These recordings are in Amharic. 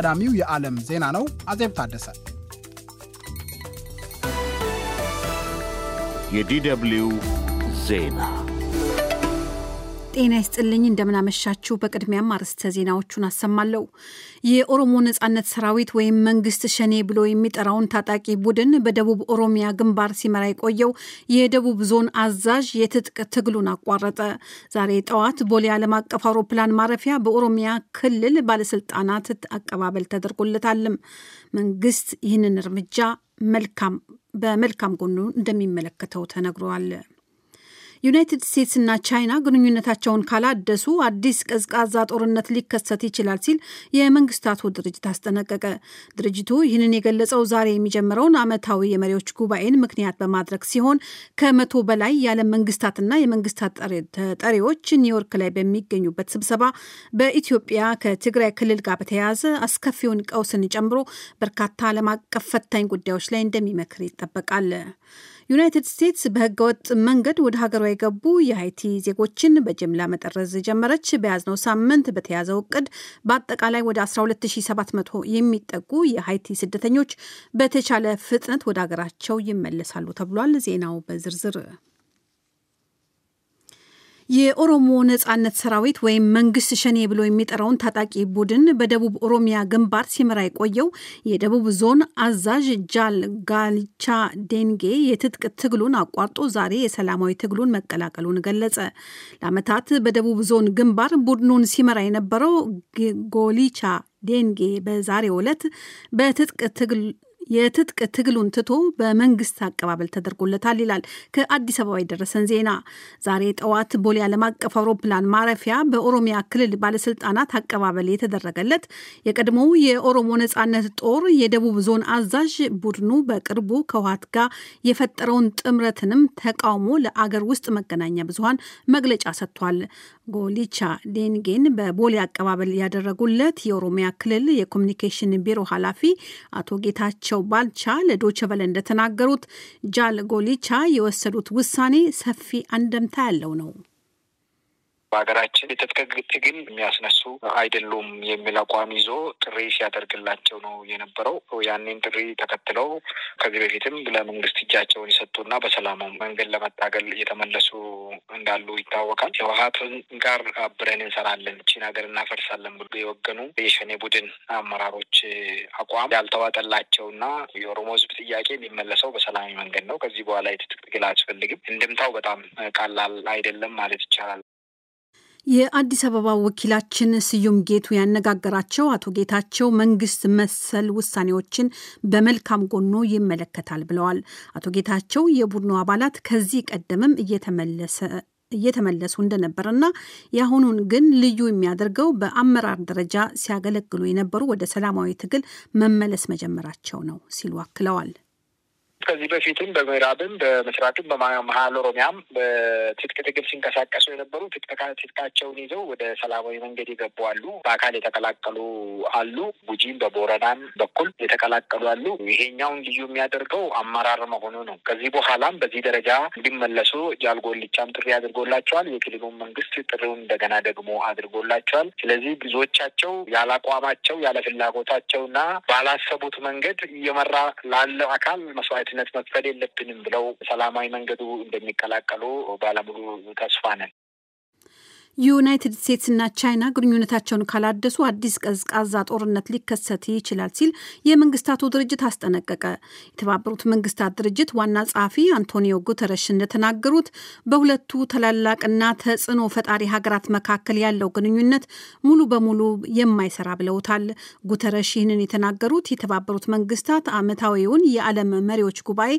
ቀዳሚው የዓለም ዜና ነው። አዜብ ታደሰ። የዲደብልዩ ዜና ጤና ይስጥልኝ እንደምናመሻችሁ። በቅድሚያም አርዕስተ ዜናዎቹን አሰማለሁ። የኦሮሞ ነጻነት ሰራዊት ወይም መንግስት ሸኔ ብሎ የሚጠራውን ታጣቂ ቡድን በደቡብ ኦሮሚያ ግንባር ሲመራ የቆየው የደቡብ ዞን አዛዥ የትጥቅ ትግሉን አቋረጠ። ዛሬ ጠዋት ቦሌ ዓለም አቀፍ አውሮፕላን ማረፊያ በኦሮሚያ ክልል ባለስልጣናት አቀባበል ተደርጎለታልም። መንግስት ይህንን እርምጃ መልካም በመልካም ጎኑ እንደሚመለከተው ተነግሯል። ዩናይትድ ስቴትስና ቻይና ግንኙነታቸውን ካላደሱ አዲስ ቀዝቃዛ ጦርነት ሊከሰት ይችላል ሲል የመንግስታቱ ድርጅት አስጠነቀቀ። ድርጅቱ ይህንን የገለጸው ዛሬ የሚጀምረውን ዓመታዊ የመሪዎች ጉባኤን ምክንያት በማድረግ ሲሆን ከመቶ በላይ የዓለም መንግስታትና የመንግስታት ተጠሪዎች ኒውዮርክ ላይ በሚገኙበት ስብሰባ በኢትዮጵያ ከትግራይ ክልል ጋር በተያያዘ አስከፊውን ቀውስን ጨምሮ በርካታ ዓለም አቀፍ ፈታኝ ጉዳዮች ላይ እንደሚመክር ይጠበቃል። ዩናይትድ ስቴትስ በህገወጥ መንገድ ወደ ሀገሯ የገቡ የሀይቲ ዜጎችን በጅምላ መጠረዝ ጀመረች። በያዝነው ሳምንት በተያዘው እቅድ በአጠቃላይ ወደ 12700 የሚጠጉ የሀይቲ ስደተኞች በተቻለ ፍጥነት ወደ ሀገራቸው ይመለሳሉ ተብሏል። ዜናው በዝርዝር የኦሮሞ ነጻነት ሰራዊት ወይም መንግስት ሸኔ ብሎ የሚጠራውን ታጣቂ ቡድን በደቡብ ኦሮሚያ ግንባር ሲመራ የቆየው የደቡብ ዞን አዛዥ ጃል ጋልቻ ዴንጌ የትጥቅ ትግሉን አቋርጦ ዛሬ የሰላማዊ ትግሉን መቀላቀሉን ገለጸ። ለአመታት በደቡብ ዞን ግንባር ቡድኑን ሲመራ የነበረው ጎሊቻ ዴንጌ በዛሬው ዕለት በትጥቅ ትግል የትጥቅ ትግሉን ትቶ በመንግስት አቀባበል ተደርጎለታል ይላል ከአዲስ አበባ የደረሰን ዜና። ዛሬ ጠዋት ቦሌ ዓለም አቀፍ አውሮፕላን ማረፊያ በኦሮሚያ ክልል ባለስልጣናት አቀባበል የተደረገለት የቀድሞው የኦሮሞ ነጻነት ጦር የደቡብ ዞን አዛዥ ቡድኑ በቅርቡ ከውሃት ጋር የፈጠረውን ጥምረትንም ተቃውሞ ለአገር ውስጥ መገናኛ ብዙሀን መግለጫ ሰጥቷል። ጎሊቻ ዴንጌን በቦሌ አቀባበል ያደረጉለት የኦሮሚያ ክልል የኮሚኒኬሽን ቢሮ ኃላፊ አቶ ጌታቸው ጌታቸው ባልቻ ለዶቸበለ እንደተናገሩት ጃል ጎሊቻ የወሰዱት ውሳኔ ሰፊ አንደምታ ያለው ነው። በሀገራችን የትጥቅ ትግል የሚያስነሱ አይደሉም የሚል አቋም ይዞ ጥሪ ሲያደርግላቸው ነው የነበረው። ያንን ጥሪ ተከትለው ከዚህ በፊትም ለመንግስት እጃቸውን የሰጡና በሰላም መንገድ ለመታገል የተመለሱ እንዳሉ ይታወቃል። ህወሀትን ጋር አብረን እንሰራለን፣ ቺን ሀገር እናፈርሳለን ብሎ የወገኑ የሸኔ ቡድን አመራሮች አቋም ያልተዋጠላቸውና የኦሮሞ ህዝብ ጥያቄ የሚመለሰው በሰላማዊ መንገድ ነው። ከዚህ በኋላ የትጥቅ ትግል አያስፈልግም። እንድምታው በጣም ቀላል አይደለም ማለት ይቻላል። የአዲስ አበባ ወኪላችን ስዩም ጌቱ ያነጋገራቸው አቶ ጌታቸው መንግስት መሰል ውሳኔዎችን በመልካም ጎኖ ይመለከታል ብለዋል። አቶ ጌታቸው የቡድኑ አባላት ከዚህ ቀደምም እየተመለሰ እየተመለሱ ና የአሁኑን ግን ልዩ የሚያደርገው በአመራር ደረጃ ሲያገለግሉ የነበሩ ወደ ሰላማዊ ትግል መመለስ መጀመራቸው ነው ሲሉ አክለዋል። ከዚህ በፊትም በምዕራብም በምስራቅም በመሀል ኦሮሚያም በትጥቅ ትግል ሲንቀሳቀሱ የነበሩ ትጥቃቸውን ይዘው ወደ ሰላማዊ መንገድ የገቡ አሉ። በአካል የተቀላቀሉ አሉ። ጉጂም በቦረናም በኩል የተቀላቀሉ አሉ። ይሄኛውን ልዩ የሚያደርገው አመራር መሆኑ ነው። ከዚህ በኋላም በዚህ ደረጃ እንዲመለሱ ጃልጎልቻም ጥሪ አድርጎላቸዋል። የክልሉን መንግስት ጥሪውን እንደገና ደግሞ አድርጎላቸዋል። ስለዚህ ብዙዎቻቸው ያለ አቋማቸው ያለ ባላሰቡት መንገድ እየመራ ላለ አካል መስዋዕት መስፈሪነት መክፈል የለብንም ብለው ሰላማዊ መንገዱ እንደሚቀላቀሉ ባለሙሉ ተስፋ ነን። ዩናይትድ ስቴትስና ቻይና ግንኙነታቸውን ካላደሱ አዲስ ቀዝቃዛ ጦርነት ሊከሰት ይችላል ሲል የመንግስታቱ ድርጅት አስጠነቀቀ። የተባበሩት መንግስታት ድርጅት ዋና ጸሐፊ አንቶኒዮ ጉተረሽ እንደተናገሩት በሁለቱ ታላላቅና ተጽዕኖ ፈጣሪ ሀገራት መካከል ያለው ግንኙነት ሙሉ በሙሉ የማይሰራ ብለውታል። ጉተረሽ ይህንን የተናገሩት የተባበሩት መንግስታት ዓመታዊውን የዓለም መሪዎች ጉባኤ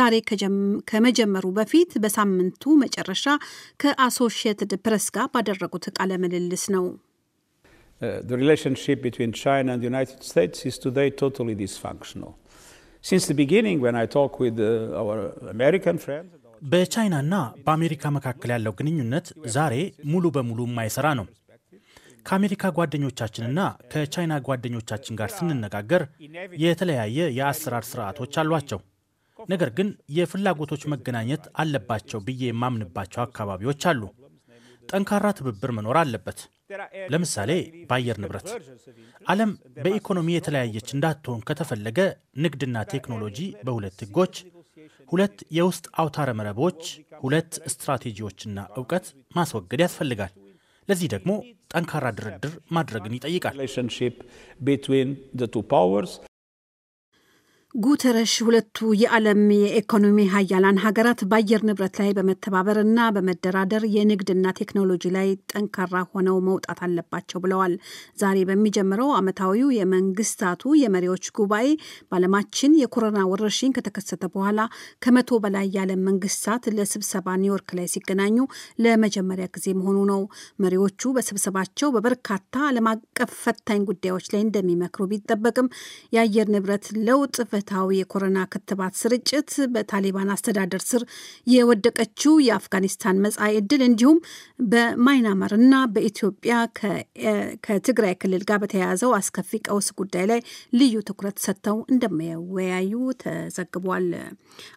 ዛሬ ከመጀመሩ በፊት በሳምንቱ መጨረሻ ከአሶሺየትድ ፕሬስ ጋር ያደረጉት ቃለ ምልልስ ነው። uh, The relationship uh, በቻይናና በአሜሪካ መካከል ያለው ግንኙነት ዛሬ ሙሉ በሙሉ የማይሰራ ነው። ከአሜሪካ ጓደኞቻችንና ከቻይና ጓደኞቻችን ጋር ስንነጋገር የተለያየ የአሰራር ስርዓቶች አሏቸው። ነገር ግን የፍላጎቶች መገናኘት አለባቸው ብዬ የማምንባቸው አካባቢዎች አሉ። ጠንካራ ትብብር መኖር አለበት። ለምሳሌ በአየር ንብረት ዓለም በኢኮኖሚ የተለያየች እንዳትሆን ከተፈለገ ንግድና ቴክኖሎጂ በሁለት ህጎች ሁለት የውስጥ አውታረ መረቦች፣ ሁለት ስትራቴጂዎችና እውቀት ማስወገድ ያስፈልጋል። ለዚህ ደግሞ ጠንካራ ድርድር ማድረግን ይጠይቃል። ጉተረሽ ሁለቱ የዓለም የኢኮኖሚ ሀያላን ሀገራት በአየር ንብረት ላይ በመተባበርና በመደራደር የንግድና ቴክኖሎጂ ላይ ጠንካራ ሆነው መውጣት አለባቸው ብለዋል። ዛሬ በሚጀምረው ዓመታዊው የመንግስታቱ የመሪዎች ጉባኤ በዓለማችን የኮሮና ወረርሽኝ ከተከሰተ በኋላ ከመቶ በላይ የዓለም መንግስታት ለስብሰባ ኒውዮርክ ላይ ሲገናኙ ለመጀመሪያ ጊዜ መሆኑ ነው። መሪዎቹ በስብሰባቸው በበርካታ ዓለም አቀፍ ፈታኝ ጉዳዮች ላይ እንደሚመክሩ ቢጠበቅም የአየር ንብረት ለውጥ ዓመታዊ የኮሮና ክትባት ስርጭት፣ በታሊባን አስተዳደር ስር የወደቀችው የአፍጋኒስታን መጻኢ ዕድል እንዲሁም በማይናማር እና በኢትዮጵያ ከትግራይ ክልል ጋር በተያያዘው አስከፊ ቀውስ ጉዳይ ላይ ልዩ ትኩረት ሰጥተው እንደሚወያዩ ተዘግቧል።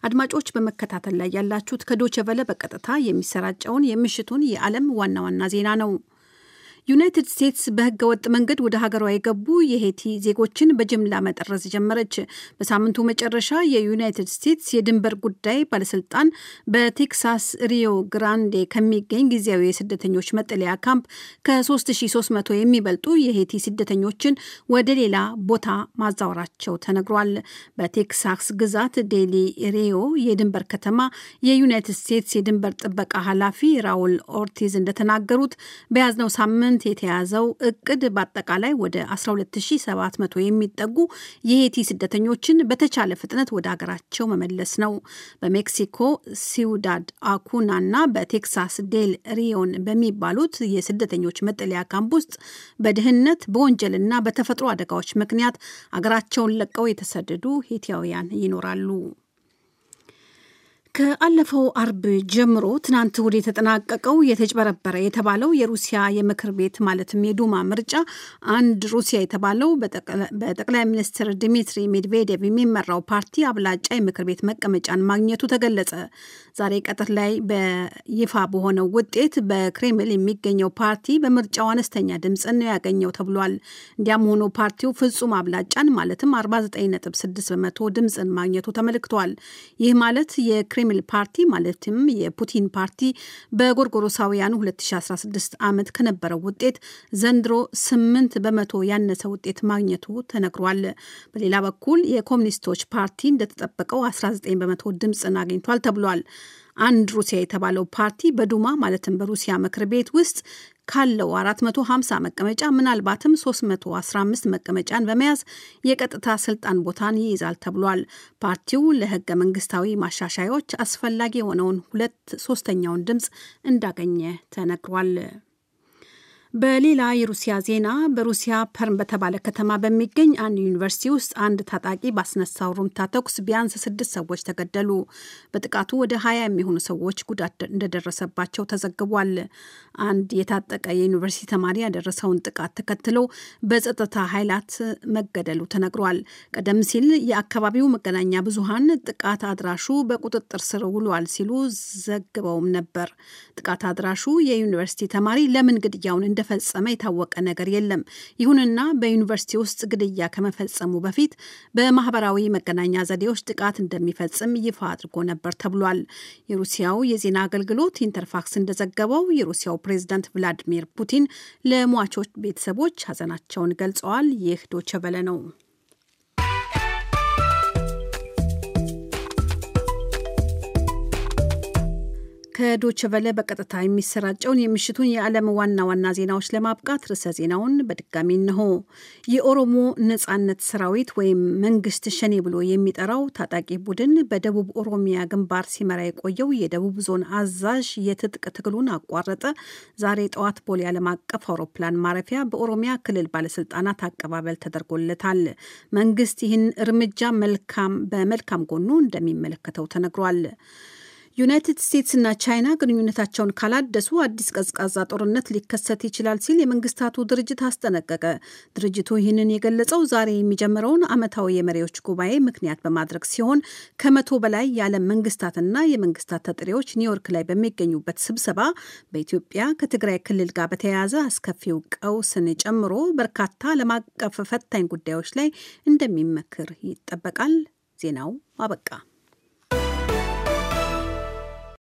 አድማጮች በመከታተል ላይ ያላችሁት ከዶቸ በቀጥታ የሚሰራጨውን የምሽቱን የዓለም ዋና ዋና ዜና ነው። ዩናይትድ ስቴትስ በህገ ወጥ መንገድ ወደ ሀገሯ የገቡ የሄቲ ዜጎችን በጅምላ መጠረዝ ጀመረች። በሳምንቱ መጨረሻ የዩናይትድ ስቴትስ የድንበር ጉዳይ ባለስልጣን በቴክሳስ ሪዮ ግራንዴ ከሚገኝ ጊዜያዊ የስደተኞች መጠለያ ካምፕ ከ3300 የሚበልጡ የሄቲ ስደተኞችን ወደ ሌላ ቦታ ማዛወራቸው ተነግሯል። በቴክሳስ ግዛት ዴሊ ሪዮ የድንበር ከተማ የዩናይትድ ስቴትስ የድንበር ጥበቃ ኃላፊ ራውል ኦርቲዝ እንደተናገሩት በያዝነው ሳምንት ትናንት የተያዘው እቅድ በአጠቃላይ ወደ 12700 የሚጠጉ የሄቲ ስደተኞችን በተቻለ ፍጥነት ወደ ሀገራቸው መመለስ ነው። በሜክሲኮ ሲውዳድ አኩና እና በቴክሳስ ዴል ሪዮን በሚባሉት የስደተኞች መጠለያ ካምፕ ውስጥ በድህነት በወንጀልና በተፈጥሮ አደጋዎች ምክንያት አገራቸውን ለቀው የተሰደዱ ሄቲያውያን ይኖራሉ። ከአለፈው አርብ ጀምሮ ትናንት እሁድ የተጠናቀቀው የተጭበረበረ የተባለው የሩሲያ የምክር ቤት ማለትም የዱማ ምርጫ አንድ ሩሲያ የተባለው በጠቅላይ ሚኒስትር ድሚትሪ ሜድቬዴቭ የሚመራው ፓርቲ አብላጫ የምክር ቤት መቀመጫን ማግኘቱ ተገለጸ። ዛሬ ቀጥር ላይ በይፋ በሆነው ውጤት በክሬምል የሚገኘው ፓርቲ በምርጫው አነስተኛ ድምፅን ነው ያገኘው ተብሏል። እንዲያም ሆኖ ፓርቲው ፍጹም አብላጫን ማለትም 49.6 በመቶ ድምፅን ማግኘቱ ተመልክቷል። ይህ ማለት የክሬምል ፓርቲ ማለትም የፑቲን ፓርቲ በጎርጎሮሳውያኑ 2016 ዓመት ከነበረው ውጤት ዘንድሮ 8 በመቶ ያነሰ ውጤት ማግኘቱ ተነግሯል። በሌላ በኩል የኮሚኒስቶች ፓርቲ እንደተጠበቀው 19 በመቶ ድምፅን አግኝቷል ተብሏል። አንድ ሩሲያ የተባለው ፓርቲ በዱማ ማለትም በሩሲያ ምክር ቤት ውስጥ ካለው 450 መቀመጫ ምናልባትም 315 መቀመጫን በመያዝ የቀጥታ ስልጣን ቦታን ይይዛል ተብሏል። ፓርቲው ለህገ መንግስታዊ ማሻሻያዎች አስፈላጊ የሆነውን ሁለት ሶስተኛውን ድምፅ እንዳገኘ ተነግሯል። በሌላ የሩሲያ ዜና በሩሲያ ፐርም በተባለ ከተማ በሚገኝ አንድ ዩኒቨርሲቲ ውስጥ አንድ ታጣቂ ባስነሳው ሩምታ ተኩስ ቢያንስ ስድስት ሰዎች ተገደሉ። በጥቃቱ ወደ ሀያ የሚሆኑ ሰዎች ጉዳት እንደደረሰባቸው ተዘግቧል። አንድ የታጠቀ የዩኒቨርሲቲ ተማሪ ያደረሰውን ጥቃት ተከትሎ በጸጥታ ኃይላት መገደሉ ተነግሯል። ቀደም ሲል የአካባቢው መገናኛ ብዙሃን ጥቃት አድራሹ በቁጥጥር ስር ውሏል ሲሉ ዘግበውም ነበር። ጥቃት አድራሹ የዩኒቨርሲቲ ተማሪ ለምን ግድያውን እንደፈጸመ የታወቀ ነገር የለም። ይሁንና በዩኒቨርሲቲ ውስጥ ግድያ ከመፈጸሙ በፊት በማህበራዊ መገናኛ ዘዴዎች ጥቃት እንደሚፈጽም ይፋ አድርጎ ነበር ተብሏል። የሩሲያው የዜና አገልግሎት ኢንተርፋክስ እንደዘገበው የሩሲያው ፕሬዚዳንት ቭላዲሚር ፑቲን ለሟቾች ቤተሰቦች ሀዘናቸውን ገልጸዋል። ይህ ዶቸበለ ነው። ከዶችቨለ በቀጥታ የሚሰራጨውን የምሽቱን የዓለም ዋና ዋና ዜናዎች ለማብቃት ርዕሰ ዜናውን በድጋሚ እንሆ። የኦሮሞ ነጻነት ሰራዊት ወይም መንግስት ሸኔ ብሎ የሚጠራው ታጣቂ ቡድን በደቡብ ኦሮሚያ ግንባር ሲመራ የቆየው የደቡብ ዞን አዛዥ የትጥቅ ትግሉን አቋረጠ። ዛሬ ጠዋት ቦሌ ዓለም አቀፍ አውሮፕላን ማረፊያ በኦሮሚያ ክልል ባለስልጣናት አቀባበል ተደርጎለታል። መንግስት ይህን እርምጃ መልካም በመልካም ጎኑ እንደሚመለከተው ተነግሯል። ዩናይትድ እና ቻይና ግንኙነታቸውን ካላደሱ አዲስ ቀዝቃዛ ጦርነት ሊከሰት ይችላል ሲል የመንግስታቱ ድርጅት አስጠነቀቀ። ድርጅቱ ይህንን የገለጸው ዛሬ የሚጀምረውን ዓመታዊ የመሪዎች ጉባኤ ምክንያት በማድረግ ሲሆን ከመቶ በላይ የዓለም መንግስታትና የመንግስታት ተጠሪዎች ኒውዮርክ ላይ በሚገኙበት ስብሰባ በኢትዮጵያ ከትግራይ ክልል ጋር በተያያዘ አስከፊው ቀውስን ጨምሮ በርካታ ዓለም አቀፍ ፈታኝ ጉዳዮች ላይ እንደሚመክር ይጠበቃል። ዜናው አበቃ።